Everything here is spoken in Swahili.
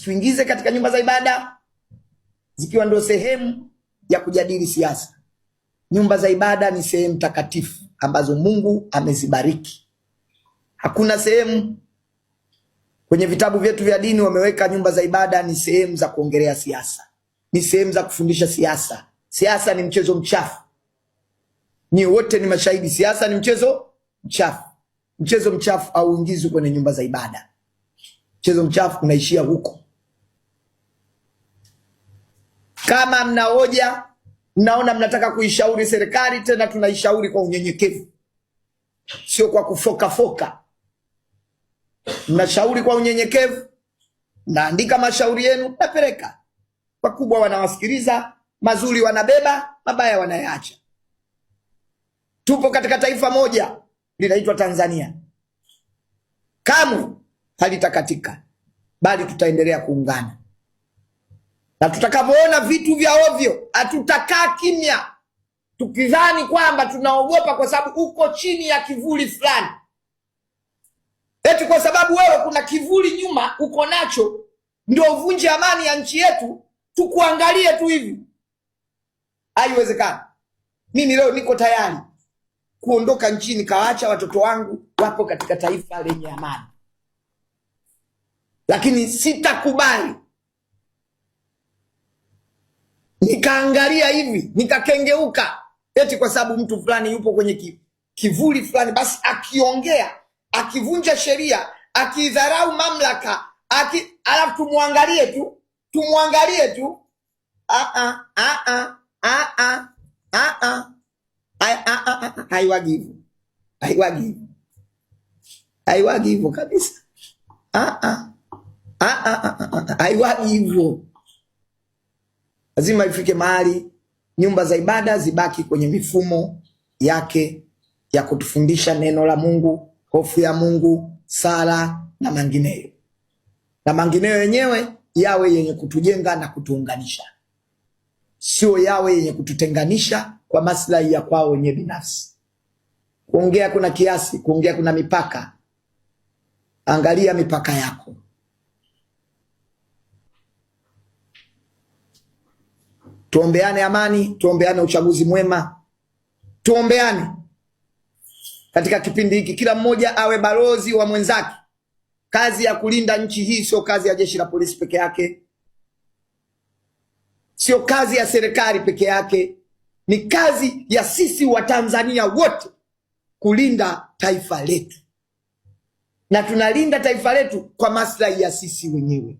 tuingize katika nyumba za ibada zikiwa ndio sehemu ya kujadili siasa. Nyumba za ibada ni sehemu takatifu ambazo Mungu amezibariki. Hakuna sehemu kwenye vitabu vyetu vya dini wameweka nyumba za ibada ni sehemu za kuongelea siasa, ni sehemu za kufundisha siasa. Siasa ni mchezo mchafu, ni wote ni mashahidi. Siasa ni mchezo mchafu. Mchezo mchafu hauingizwi kwenye nyumba za ibada. Mchezo mchafu unaishia huko. Kama mna hoja mnaona mnataka kuishauri serikali, tena tunaishauri kwa unyenyekevu, sio kwa kufokafoka. Mnashauri kwa unyenyekevu, naandika mashauri yenu, napeleka wakubwa, wanawasikiliza, mazuri wanabeba, mabaya wanayaacha. Tupo katika taifa moja linaitwa Tanzania, kamwe halitakatika, bali tutaendelea kuungana na tutakavyoona vitu vya ovyo, hatutakaa kimya tukidhani kwamba tunaogopa kwa sababu uko chini ya kivuli fulani, eti kwa sababu wewe kuna kivuli nyuma uko nacho ndio uvunje amani ya nchi yetu, tukuangalie tu hivi? Haiwezekani. Mimi leo niko tayari kuondoka nchini, kawaacha watoto wangu wapo katika taifa lenye amani, lakini sitakubali nikaangalia hivi nikakengeuka, eti kwa sababu mtu fulani yupo kwenye kivuli fulani, basi akiongea akivunja sheria akidharau mamlaka aki, alafu tumwangalie tu tumwangalie tu. Haiwagi hivyo, haiwagi haiwagi kabisa, haiwagi hivyo lazima ifike mahali nyumba za ibada zibaki kwenye mifumo yake ya kutufundisha neno la Mungu, hofu ya Mungu, sala na mengineyo, na mengineyo yenyewe yawe yenye kutujenga na kutuunganisha, sio yawe yenye kututenganisha kwa maslahi ya kwao wenyewe binafsi. Kuongea kuna kiasi, kuongea kuna mipaka. Angalia mipaka yako. tuombeane amani, tuombeane uchaguzi mwema, tuombeane katika kipindi hiki, kila mmoja awe balozi wa mwenzake. Kazi ya kulinda nchi hii sio kazi ya jeshi la polisi peke yake, sio kazi ya serikali peke yake, ni kazi ya sisi Watanzania wote kulinda taifa letu, na tunalinda taifa letu kwa maslahi ya sisi wenyewe.